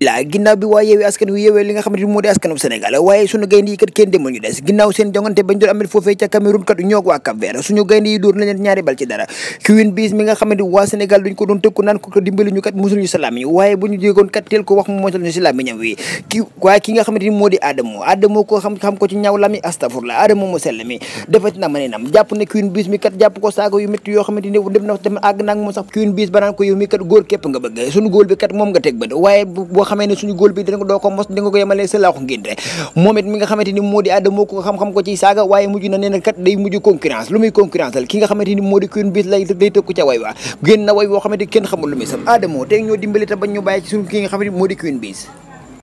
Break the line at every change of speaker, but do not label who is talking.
la ginnaaw bi waa yeewi askan wi yeewee li nga xamante bi moo di askanu Sénégal waaye suñu gaynde kat kenn demul ñu des ginnaaw seen jongante bañ doon amal foofee ca yi dóor ko doon tëkku naan ko ko mu mosal ñu si làmmiñam wi ne nam jàpp na mi kat jàpp ko saago yu métti yoo xamante ni dem na dem moom sax kiwin bis banaan ko yow mi kat góor képp nga bëgg suñu góol bi kat moom nga teg bët waaye xamee ne suñu góol bi dina ko doo ko mos dina ko yemale sa laaxu ngénte moom it mi nga xamante ni moo di adda moo ko xam-xam ko ci saaga waaye mujj na nee na kat day mujj concurrence lu muy concurrence al ki nga xamante moo di Queen Biz lay day tëkku ca way waa génn na way woo kenn xamul lu muy sam aadamoo tey ñoo dimbali te bañ ñu bàyyi suñu ki nga xamante moo di Queen Biz